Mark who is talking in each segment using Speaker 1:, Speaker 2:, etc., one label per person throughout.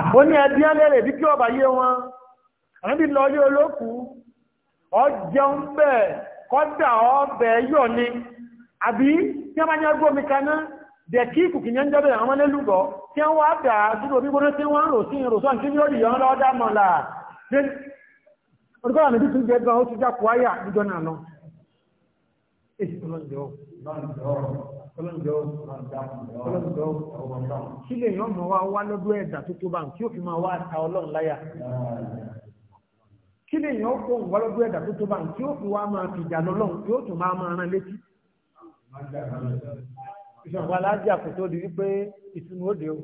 Speaker 1: àwọn ní ẹbí alẹ́rẹ̀ bí kí ọba yé wọn àbí lọ yé olókù ọjẹun bẹ́ẹ̀ kọ́dà ọbẹ̀ yọ ni àbí tí a bá yẹ gómi kaná dẹ̀kí ìkùkì yẹn jẹ́bẹ̀ àwọn lélúgọ́ tí wọ́n wá dà dúró bí gbóná tí wọ́n ń rò sí sílẹ̀ yọ́n mọ̀ wá wá lọ́dún ẹ̀dà tó tó bá ń kí ó fi máa wá ta ọlọ́run láyà kílẹ̀ yọ́n kó ń wá lọ́dún ẹ̀dà tó tó bá ń kí ó fi wá máa fi ìjà lọ́lọ́run yóò tún máa máa rán létí ìṣọ̀nà aláàjì àkótó di wípé ìsinmi ó dé o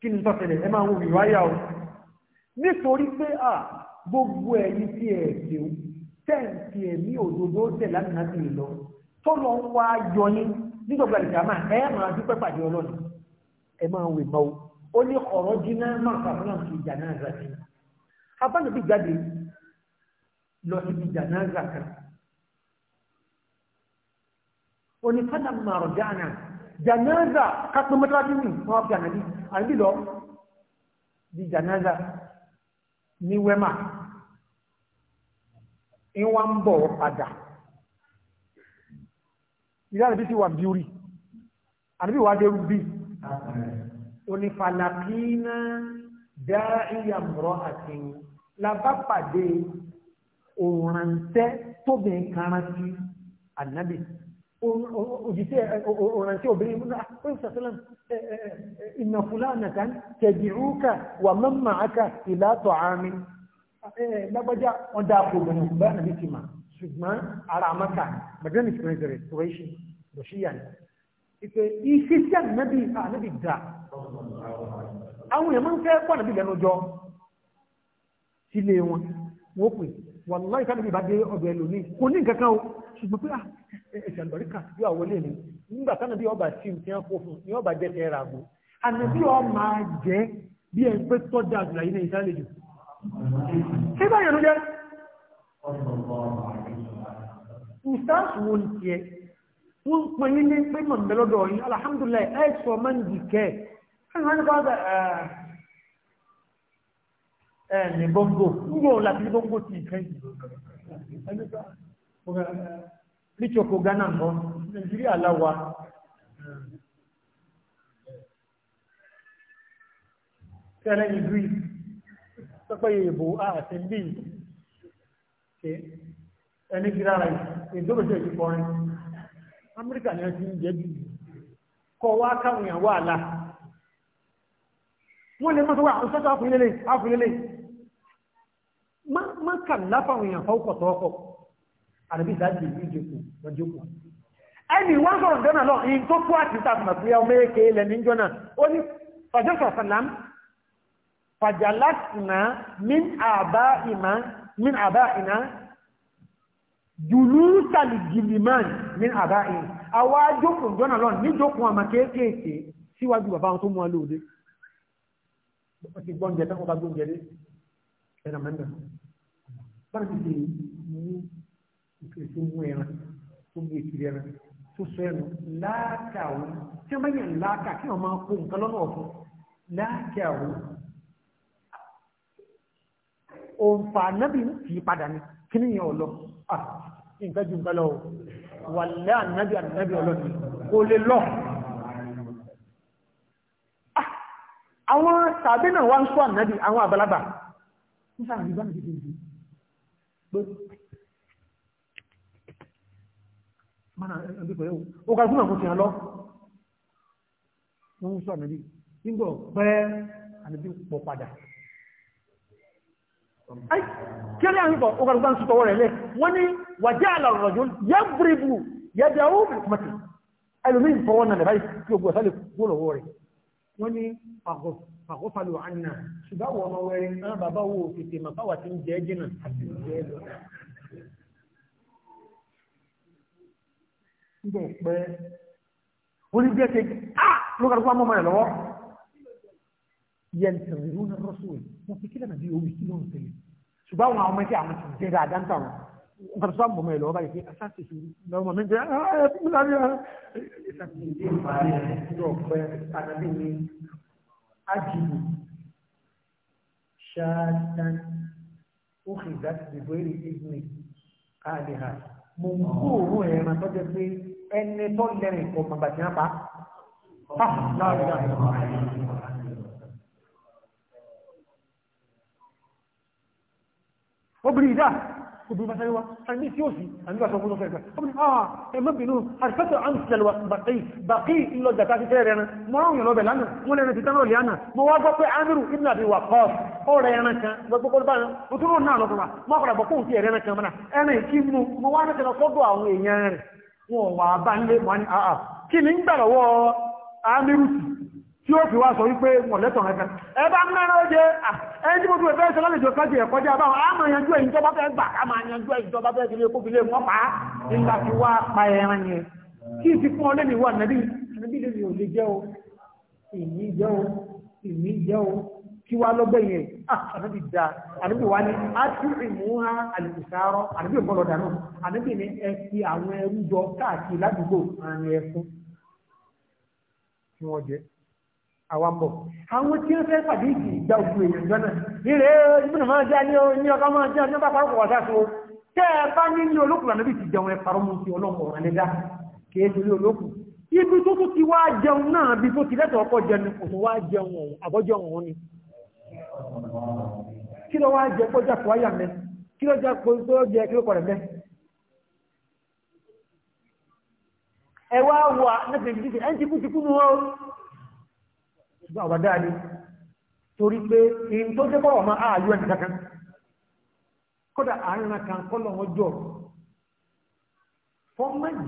Speaker 1: kí ni tọ́sẹ̀lẹ̀ ẹ máa wo ìwáyà o nítorí pé à gbogbo ẹ̀yin tí ẹ̀ ṣeun tẹ́ǹtì ẹ̀mí òdodo tẹ̀ lánàá sí lọ tó lọ ń wá yọyín nígbàgbà ìjàmà ẹ máa dúpẹ́ pàdé ọlọ́run ẹ máa wè mọ́ ó ní ọ̀rọ̀ jiná náà sàfúnà sí ìjà náà rà sí abánibí jáde lọ síbi ìjà náà rà kan oni fana maro jana janaza kakpe mọ́tàlásí mi wọ́n fi ànàbí ànàbí lọ di janaza ní wẹ́mà ń wá ń bọ̀ padà ìdá àdìbí ti wà bí orí àdìbí wà dé rúbí onífàlàkínà dá ìyàmùrọ̀ àti labápàdé òrànṣẹ́ tóbi karanti ànábì òjìṣẹ́ òrànṣẹ́ obìnrin múná àpẹ́sàtàlán ìnàfúlànà kan tẹ̀bìrúkà wà mọ́màákà ìlàtọ̀ àmì Eh, lágbájá wọn dá àpò obìnrin bá nàbí ti mà ṣùgbọ́n ara àmọ́kà bàdánì ti rìn rẹ̀ kúrẹ́ṣì lọ́ṣíyà ni ìpè iṣẹ́ sí ànábì ànábì dà àwọn èèyàn máa ń fẹ́ pọ̀ nàbí lẹ́nu jọ sílé wọn wọ́n pè wàláì káàdì dé ẹlòmíì kò ní nǹkan kan o ṣùgbọ́n pé ah, ẹ̀sẹ̀ àlùbáríkà bí àwọlé mi nígbà táwọn bí ra ọ Ṣé báyìí ló jẹ́? Ìsáàsù wo ni tiẹ̀? Wọ́n ń pè ní pé mọ̀mí lọ́dọ̀ yìí, alhamdulillah, ẹ̀ sọ máa ń dì kẹ́ ẹ̀. Ẹ̀rọ ní bá bẹ̀ ẹ̀ ní bọ́ngò, ń gbọ́ láti bọ́ngò ti ìkẹ́ yìí. Tẹ́lẹ̀ ìlú pẹ́pẹ́ ìbò àti bí ẹni gíra rẹ̀ ìdóbòsẹ̀ ti kọrin amẹ́ríkà ni wọ́n ti ń jẹ́ bí kọ wá káwọn èèyàn wà láà wọ́n lè mọ́tọ́ wà ọ̀sọ́tọ́ àfúnilélẹ̀ àfúnilélẹ̀ má kà láfàwọn èèyàn fọ́kọ̀ tọ́ọ̀kọ̀ àdàbí ìdájì ìlú ìjẹ́kù lọ́jọ́kù ẹni wọ́n sọ̀rọ̀ jọ́nà lọ in tó kú àti ìtàkùnà pé ọmọ èké ó ní fàjàlásìnà min àbáìmá min àbáìná jùlúsàlì gìlìmán min àbáìná àwa jókùn jọ́nà lọ ní jókùn àmà kéékèèké síwájú bàbá wọn tó mú alóòdé gbọ́njẹ tẹ́kọ̀ọ́ bá gbọ́njẹ dé ẹ̀rọ mẹ́ta bára ti di mú ìfèsì mú ẹran tó gbé kiri ẹran tó sọ ẹnu láàkàwọ́ tí wọ́n bá yẹn láàkà kí wọ́n máa kó nǹkan lọ́nà ọ̀fun láàkàwọ́ òǹfà anábì fi padà ní kí ní yàn ọlọ nǹkan jù nǹkan lọ wà lẹ́ anábì anábì ọlọ́ni kò lè lọ àwọn tàbí náà wá ń sọ anábì àwọn àbálàbà ń mana ẹbí pẹ̀lú ó kàrí fún àwọn ti hàn lọ wọ́n ń sọ pẹ́ anábì pọ̀ padà kílẹ̀ àríkọ̀ ọgbàrùgbà ń sùtọ̀wọ́ rẹ̀ lẹ́ wọ́n ní wàjá àlàrọ̀jọ́ yẹ́bùrìbù yẹ́bẹ̀ ó bẹ̀rẹ̀ kùmọ̀tì ẹlùmí ìfọwọ́ náà lẹ́bàá tí ó gbọ́sá lè gbọ́lọ̀wọ́ rẹ̀ wọ́n ní àkọ́fàlù àná ṣùgbọ́n ọmọ wẹ̀rẹ̀ náà ah, bàbá wo tètè màbáwà tí ń jẹ́ jìnà àti ìjẹ́ lọ nígbà pẹ́ oníjẹ́ ti á ah! lókàtúkọ́ àmọ́ mọ́ rẹ̀ lọ́wọ́ yẹn tẹ̀rẹ̀ lónà rọ́sùn wọ́n fi kílẹ̀ nàbí omi kílọ̀ tẹ̀lẹ̀ ṣùgbọ́n àwọn ọmọ ẹ̀kẹ́ àwọn ti jẹ́ dáadáa ń tàwọn nǹkan tó sáà mọ̀ mọ́ ẹ̀ lọ́wọ́ báyìí pé asáàtì ah, sí lọ́wọ́ mọ̀ ah, mí jẹ́ ẹ̀ fún mi lábẹ́ ẹ̀ ìsàkùn ìdí ìparí ẹ̀ ìjọ ọ̀pẹ àtàbí ni ájìlù ṣáàtàn ó fi ìdájọ́ ìbò èrè ìgbìmọ̀ àdìhà mo ń kó òórùn ẹ̀ràn tó jẹ́ pé ẹni tó lẹ́rìn kọ̀ mọ̀gbàtí náà pa ah, obìnrin ìdá obìnrin bá sáré wá àní tí ó sì àníbà sọ fún ọ̀fẹ́gbà obìnrin ah ẹmọ́bìnú àrífẹ́tọ̀ àmìsẹ̀lẹ̀wà bàtí bàkí ìlọ jàtà sí tẹ́rẹ ẹran mọ́ àwọn èèyàn lọ́bẹ̀ lánàá wọ́n lẹ́nu ti tánà lẹ́nà mọ́ wá gbọ́ pé amiru ibn abi waqas ó rẹ ẹran kan lọ́gbọ́gbọ́ bá ó tún náà lọ́kùnrin mọ́ ọ̀pọ̀lọpọ̀ bọ̀kún ti ẹ̀rẹ́ kan mọ́nà ẹran ìkí mú mọ́ wá náà tẹ̀lọ́ sọ́dọ̀ àwọn èèyàn ah, ah, ni tí ó fi wá sọ wípé mọ̀lẹ́tọ̀ rẹ̀ kan ẹ mẹ́rin ó jẹ́ ẹni tí mo tún fẹ́ sọ lálejò kájú ẹ̀kọ́ jẹ́ àbáwọn a máa yanjú ẹ̀yìn tọ́ba fẹ́ gbà ká máa yanjú ẹ̀yìn tọ́ba fẹ́ sílé kó fi lé wọn pa á nígbà tí wàá pa ẹran yẹn kí n ti fún ọ lẹ́nu ìwà nàbí nàbí lè mi ò lè jẹ́ o ìní jẹ́ o ìní jẹ́ o kí wàá lọ́gbẹ́ yẹn ah, ànábì da ànábì wa ni a ti ìmú ha àlùkùsárọ̀ ànábì bọ́lọ̀ dànù ànábì ni ẹ fi àwọn ẹrú jọ káàkiri ládùúgbò àwọn ẹfun tí wọ́n jẹ́ àwapọ̀ àwọn tí wọ́n fẹ́ pàdé ìdí ìgbà òkú èèyàn jọ́nà nílé ìbùnà máa jẹ́ ní ní ọkọ̀ máa jẹ́ ọjọ́ bá parọ́pọ̀ wà sáà tẹ́ ẹ bá ní ní olókùnrin àbí ti jẹun ẹ parọ́ ti ọlọ́mọ ọ̀ràn kìí torí olókù ibi tó tún ti wá jẹun náà bí tó ti lẹ́tọ̀ọ́ ọkọ̀ jẹun kò tó wá jẹun ọ̀hún àbọ́jọ́ ọ̀hún ni kí ló wá jẹ kó jà kó wáyà kí ló jẹ kó tó jẹ kí ló kọ̀ mẹ́ ẹ wá wà nípa ìdíje ṣùgbọ́n àwọn dáadé torí pé èyí tó jẹ́ bọ́wọ̀ máa ààyò ẹni kankan kódà àárín kan kọ́lọ̀ wọn jọ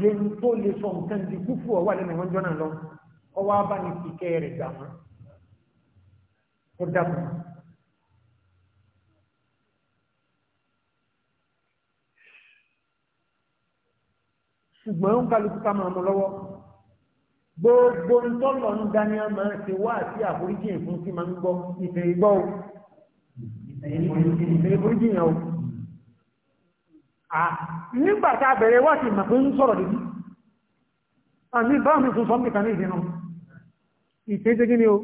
Speaker 1: jẹ́ ní tó lè sọ nǹkan di kúfù ọwọ́ àlẹ́ ni wọ́n jọ náà lọ ọwọ́ bá ní ìkẹ́ rẹ̀ gbà wọ́n kó dàbọ̀. ṣùgbọ́n ń kálukú ká máa mú lọ́wọ́ gbogbo ntọ́lọ̀ ń dání ọmọ ṣe wá àti àforíjì ìfún sí máa ń gbọ́ ìfèrè gbọ́ o ìfèrè foríjì yẹn o. nígbà tá a bẹ̀rẹ̀ wá sí ìmọ̀ pé ń sọ̀rọ̀ dìbí àmì bá mi tún sọ mí kan ní ìdènà ìfèrè kí ni o.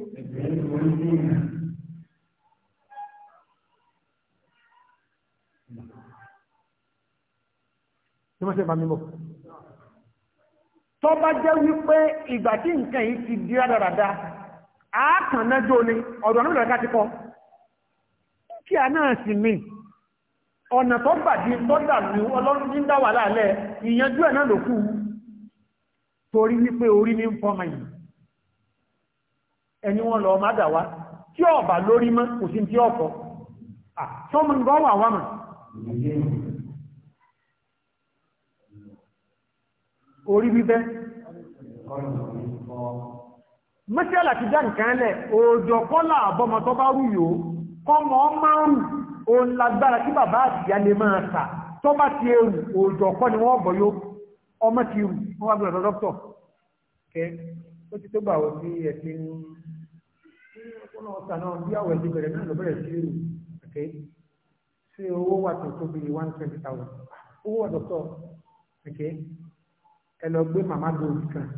Speaker 1: Tí wọ́n ṣe bá tó bá jẹ́ wípé ìgbà tí nǹkan yìí ti di rádaràda àákànnájó ni ọ̀dọ̀ náà lọ́dọ̀ ti kọ́ kí a náà sì mí ọ̀nà tó gbàdí tó dàbí ọlọ́run ní dáwà láàlẹ́ ìyanjú ẹ̀ náà ló kú torí wípé orí ní fọ́mà yìí ẹni wọ́n lọ máa dàwá tí ọ̀bà lórí mọ́ kò sí tí ọ̀fọ́ sọ́mọ́ ń gọ́ wà wà mọ́ orí bíbẹ́ mẹ́sílá ti dá nǹkan lẹ̀ òjò kọ́lá àbọ́mọ tó bá rú yòó kọ́mọ márùn ún òun lágbára tí bàbá àtìyá lè máa tà tó bá ti rù òjò kọ́ ni wọ́n bọ̀ yóò ọmọ ti rù wọ́n wá gbọ́dọ̀ dọ́kítọ̀ kẹ́ ó ti tó gbà wọ́n sí ẹ̀sìn ọ̀nà ọ̀sán náà bí àwọ̀ ẹ̀sìn bẹ̀rẹ̀ náà ló bẹ̀rẹ̀ sí rù kẹ́ ṣé owó wà tó tóbi ẹ lọ gbé màmá dòwú kan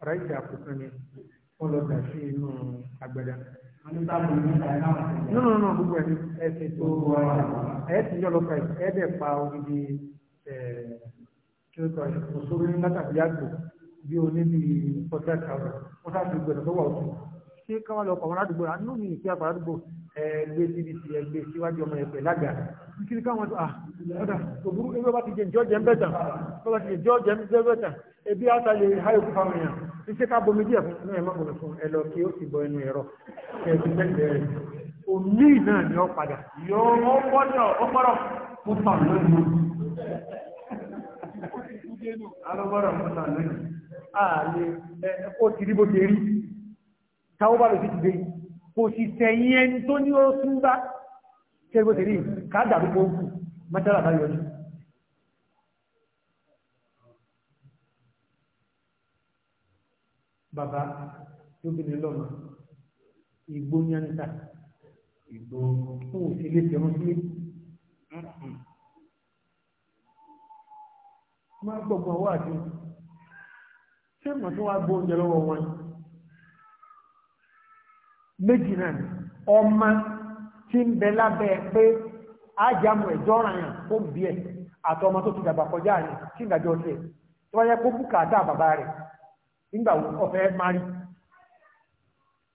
Speaker 1: ọ̀rọ̀ ìjà kò kan ni wọ́n lọ dà sí inú agbada. nínú náà gbogbo ẹni ẹ ti tó ẹ ti yọ lọ́pàá yìí ẹ dẹ̀ pa odidi kí ló tọ́ ìṣòro ní látàbí àgbò bí oníbi ọjà kàwé wọ́n sáà ti gbẹ̀rẹ̀ lọ́wọ́ ọ̀tún ṣé káwọn lọ pàwọn aládùúgbò rà nínú mi ìpè àpàrà àdúgbò ẹgbẹ́ síbi ti ẹgbẹ́ síwájú ọmọ ẹgbẹ́ lága kí ni káwọn à ah, ọ̀dà òbúrú ewé bá ti jẹ ǹjọ́ jẹ́ ń bẹ̀ tàn bá ti jẹ ǹjọ́ jẹ́ ń bẹ̀ tàn ebi ata le ha yòókù fáwọn èèyàn ṣíṣe ká bomi díẹ̀ fún ẹ má bomi fún ẹ lọ kí ó sì bọ ẹnu ẹ̀rọ ẹ̀sì mẹ́tẹ̀ rẹ̀ omi náà ni ó padà. yóò ó gbọ́dọ̀ ó gbọ́dọ̀ fún tàn lónìí. alọ́gbọ́dọ̀ ẹ kó ti bó ti rí táwọn bá lò sí ti dé kò sì tẹ̀yìn ẹni tó ní ó tún bá kẹgbẹ́ tẹ̀lé káàdà ló kó kù mẹ́tàlá bá yọjú bàbá tó gbìnrin lọ́nà ìgbó yántà ìgbó fún òsèlè tẹ̀wọ́n sílé máa mm-hmm. gbọ̀gbọ̀n wà jù ṣé mọ̀ tó wá gbóúnjẹ lọ́wọ́ wọn méjì náà ni ọmọ tí ń bẹ lábẹ́ pé ájàmù ẹ̀jọ́ ràn yàn ó bí ẹ̀ àti ọmọ tó ti dàgbà kọjá rẹ̀ tí ìdájọ́ tiẹ̀ tó wáyé kó bùkátà bàbá rẹ̀ nígbà wo ọ̀fẹ́ mari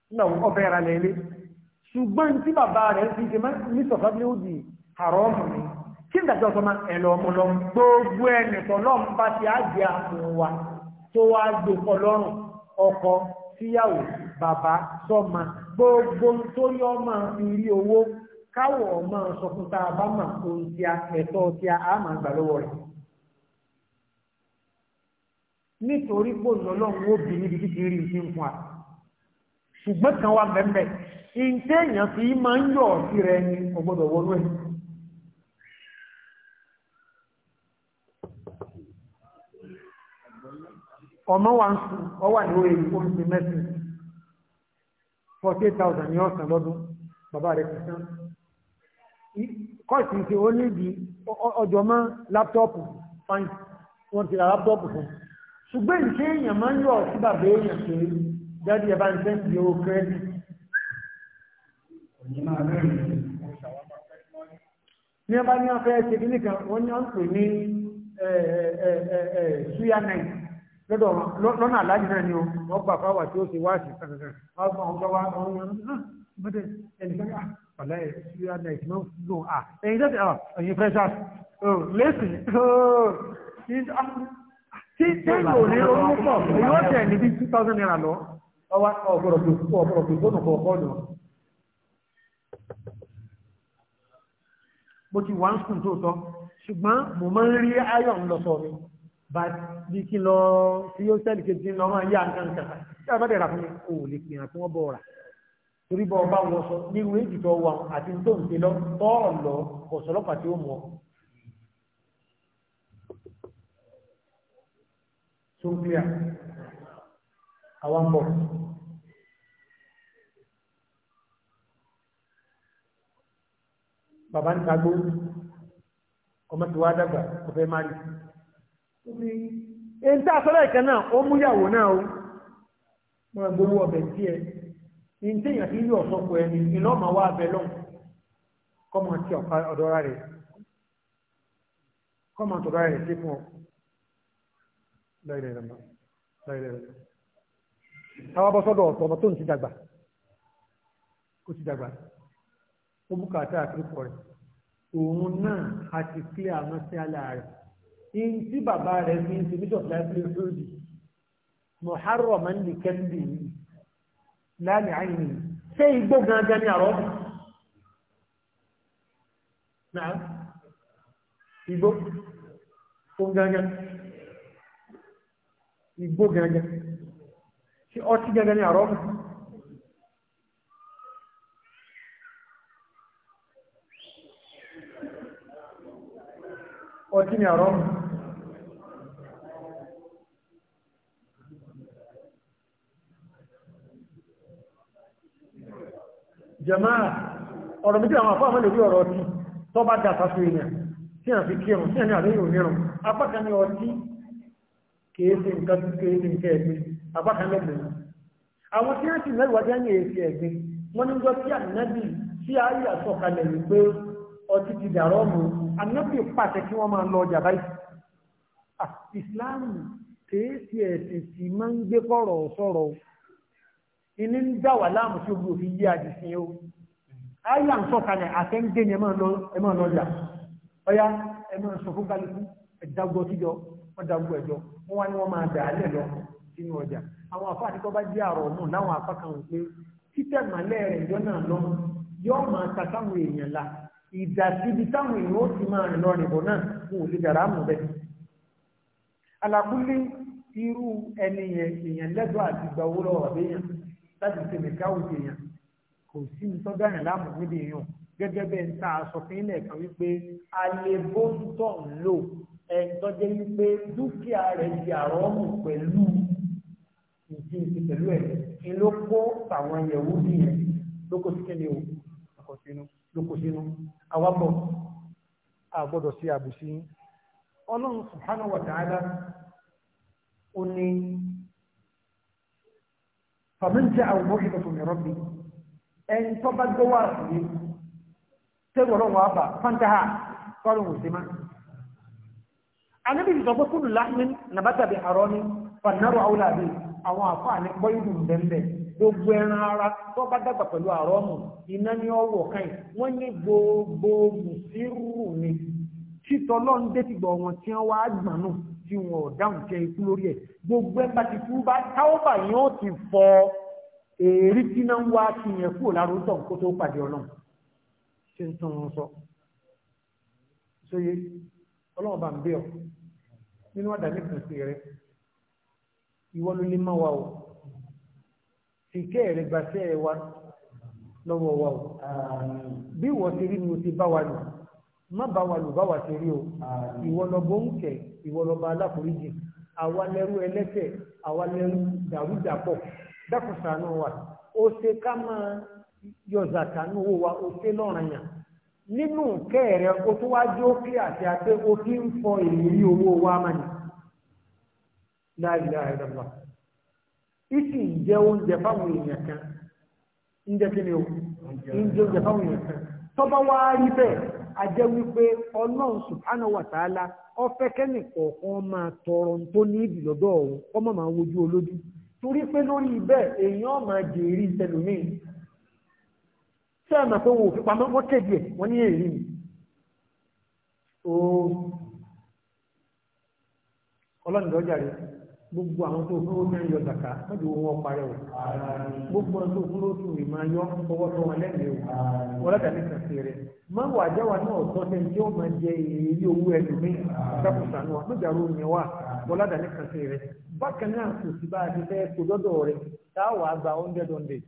Speaker 1: nígbà wo ọ̀fẹ́ ra lẹ́lé ṣùgbọ́n tí bàbá rẹ̀ ti ṣe máa ní sọ̀fà bí ó di àrọ́ ọmọ mi tí ìdájọ́ sọ máa ẹ̀lọ́ ọmọ lọ gbogbo ẹnì tó bá ti ájẹ àpò tó wá gbé ọlọ́run ọkọ síyàwó bàbá sọ́ma gbogbo nítorí ọmọ ìrí owó káwọ̀ ọmọ sọ fún tá a bá mà tí a ẹ̀tọ́ tí a á máa gbà lọ́wọ́ rẹ̀ nítorí pò lọ́lọ́run ó bí níbi títí rí ìsín fún wa ṣùgbọ́n kan wá bẹ́ẹ̀ ìǹtẹ́ èèyàn fi máa ń yọ̀ sí rẹ ni ọgbọ́dọ̀ wọnú ẹ̀ ọmọ wa ń sùn ọwà forty eight thousand ní ọ̀sán lọ́dún bàbá rẹ̀ kò sán kọ́ọ̀sì ti ó níbi ọjọ́ mọ́ láptọ́ọ̀pù fine wọ́n ti ra láptọ́ọ̀pù fún ṣùgbọ́n ìṣe èèyàn máa ń yọ̀ sí bàbá èèyàn pé jáde ẹ̀bá ń sẹ́ńtì owó kẹ́ẹ̀dì. ní ọba ní wọn fẹ́ ṣe kí nìkan wọ́n ní wọ́n pè ní ṣúyà eh, eh, eh, náà lọ́dọ̀ lọ́nà aláàjì náà ni o gbà fáwà tí ó ṣe wá sí ah, kankan ah, ah, oh, oh, mo ti wá ń sùn tóòtọ́ ṣùgbọ́n mo máa ń rí ayọ̀ ńlọsọ mi but bí kí lọ tí yóò sẹ́lì kejì lọ máa yá nǹkan kan tí a bá dẹ̀ rà fún mi kò lè fi hàn tí wọ́n bọ̀ rà torí bọ́ ọba wọ sọ ní ìwé ìdìtọ̀ wa àti tó ń ṣe lọ tọ́ ọ̀lọ́ ọ̀sọ̀lọ́pàá tí ó mọ̀ ọ́. so clear àwọn ń bọ̀. bàbá ń tagbó ọmọ tí wàá dàgbà kò fẹ́ má rí i. èyí tí a sọ́lá ìkan náà ó mú yàwó náà ó wọ́n gbówó ọbẹ̀ díẹ̀ èyí tí èyàn fi yí ọ̀sọ́pọ̀ ẹni iná ọmọ wa abẹ lọ́n kọ́mọ ti ọ̀dọ́ra rẹ̀ kọ́mọ ọ táwa bọ́ sọ́dọ̀ ọ̀tọ̀ ọmọ tó ń ti dàgbà kó in tí baba rẹ̀ fi ń ṣe bishop láti lórí mọ̀hárọ̀ máa ń lè kẹ́ndì láàrin àìní ṣé igbó gangan ní àrọ́ náà igbó fún gangan igbó gangan ṣé ọtí gangan ní àrọ́ ọtí ní àrọ́ jẹmáà ọ̀rọ̀ méjì àwọn àfáà mọ́lẹ̀ bí ọ̀rọ̀ ọtí tó bá dà sáfẹ́ tí a fi kírùn tí a ní àlẹ́yìn onírùn apákan ní ọtí kèése nǹkan kèése nǹkan ẹ̀gbin apákan lẹ́gbẹ̀ẹ́ àwọn tí wọ́n ti mẹ́wàá jẹ́ ní èsì ẹ̀gbin wọ́n ní ìní ń dà wà láàmú tí ogun òfin yí àdìsí o ayé à ń sọ̀kalẹ̀ àtẹ́ńdé ni ẹ máa lọ jà ọ̀yá ẹ máa sọ fún kálukú ẹ̀dàgbọ́ síjọ wọ́n dàgbọ́ ẹ̀jọ́ wọ́n wá ní wọ́n máa dà á lẹ̀ lọ sínú ọjà àwọn àfa àti kọ́ba jẹ́ kan wò pé títẹ̀ màlẹ́ rẹ̀ náà lọ máa la táwọn èèyàn ó ti máa rìn lọ náà wọn ò lè dàrá irú ẹni yẹn èèyàn láti ṣe nìkáwó ti èèyàn kò sí sọ́dáyàn láàmú níbi èèyàn gẹ́gẹ́ bẹ́ẹ̀ ń ta aṣọ fún ilẹ̀ kan wípé a lè bó ń tọ̀ ń lò ẹ̀ńtọ́ jẹ́ wípé dúkìá rẹ̀ di àrọ́mù pẹ̀lú ìdí ìdí pẹ̀lú ẹ̀ kí ló kó àwọn ìyẹ̀wò nìyẹn lóko sí kíni o lóko sínú lóko sínú àwa bọ̀ a gbọ́dọ̀ sí àbùsí ọlọ́run subhanahu wa ta'ala ó ní fàmí jẹ́ àwọn mọ́ṣíkà tó mìíràn bí ẹni tó bá gbé wà sí tẹ́lú ọ̀rọ̀ wọn àbà fántáhà kọ́rin mùsùlùmá anábì sọ pé kúrò láàmín nàbátà bí àrọ́ ní fànàrọ̀ àwọn àbí àwọn àfọ́ àní pọ́ìdù bẹ́ẹ̀ gbogbo ẹran ara tó bá dàgbà pẹ̀lú àrọ́ mù iná ní ọwọ́ kan wọ́n ní gbogbo mùsírù ni títọ́lọ́ ń dé tìgbọ̀ wọn tí wọ́n wá gbọ̀n náà tí wọn ò dáhùn jẹ ikú lórí ẹ̀ gbogbo ẹgbà ti kú bá táwọ́bà yẹn ó ti fọ èrí tí náà ń wá kí yẹn kúrò lárúntọ̀ kó tó pàdé ọlọ́run ṣe ń tán wọn sọ sóye ọlọ́run bá ń bẹ̀ ọ́ nínú ọ̀dà nìkan sí rẹ ìwọ ló lè má wa o fìkẹ́ rẹ gbàṣẹ́ wa lọ́wọ́ wa o bí ìwọ ti rí ni o ti bá wa nù. má bá wa lò bá wa ṣe rí o ìwọ lọ bó ń kẹ ìwọ lọ bá aláforíjì àwa lẹrú yọ owó wa ó ṣe lọ́ràn nínú kẹrẹ o tó wá jó kí àti o kí ń fọ ìrírí owó wa máa ní dàgbà ìsì oúnjẹ fáwọn èèyàn kan ń jẹ kí ni o ń jẹ oúnjẹ a jẹ́ wípé ọlọ́run subhanahu wa ta'ala ọfẹ́ kẹ́nì kọ̀ọ̀kan máa tọrọ tó ní ìdì lọ́dọ̀ ọ̀hún ọmọ máa wojú olójú torí pé lórí bẹ́ẹ̀ èèyàn ma jèrè ìtẹlómìn sẹ́ẹ̀mà pé wọn ò fi pamọ́ wọ́n kéde ẹ̀ wọ́n ní èrè mi ọlọ́run gbogbo àwọn tó fún omi ń yọ zaka mọ́jú wọn parẹ́ o gbogbo àwọn tó fún oṣù rẹ̀ máa yọ ọwọ́ tó wọn lẹ́nu o ọlọ́dà ní kàn fèrè má wà jáwa náà tọ́ ṣe tí ó máa jẹ èyí owó ẹlòmíì sákòsà náà lójà ló yẹn wà ọlọ́dà ní kàn fèrè bákan náà kò sí bá a ti fẹ́ kó dọ́dọ̀ rẹ̀ tá a wàá gba oúnjẹ dọ̀ndẹ̀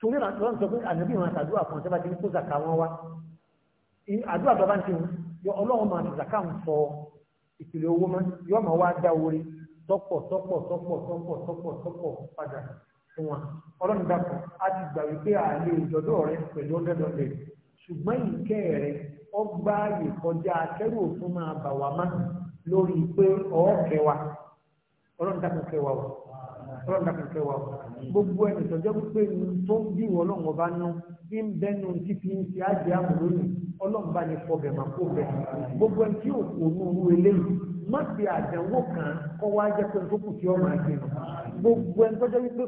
Speaker 1: torí àwọn sọ pé ànábì wọn àtàdúrà kan sábà ti ń kó zaka wọn wá àdúrà bàbá ti wọn ìpìlẹ̀ owó mọ́ yóò máa wá dá orí tọ́pọ̀ tọ́pọ̀ tọ́pọ̀ tọ́pọ̀ tọ́pọ̀ tọ́pọ̀ padà fún wa ọlọ́run dàpọ̀ a ti gbà wípé àlè ìjọdọ̀ rẹ pẹ̀lú ọ̀dẹ́dọ̀dẹ̀ ṣùgbọ́n ìkẹ́ rẹ ọgbà ààyè kọjá akẹ́rù òfin máa bà wá lórí pé ọ̀ọ́kẹ́ wa ọlọ́run ọlọ́run dàpọ̀ kẹ́ wa gbogbo ẹni tọ́jọ́ pé tó ń bí wọn lọ́wọ́ bá ná bí ń bẹ́nu ń ṣe ọlọ́run bá ní máa kó bẹ̀ gbogbo ẹni tí òkú eléyìí má fi àdánwò kan kọ́ wá jẹ́ pé kù ọmọ gbogbo ẹni tọ́jọ́ kò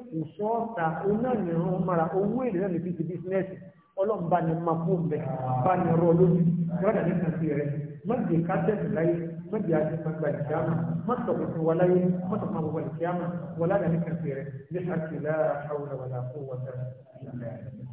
Speaker 1: sọ مجي عشان تنبع الكيامة ما تطبق ولا ما تطبق ولا الكيامة ولا نكن فيه لحق لا حول ولا قوة إلا بالله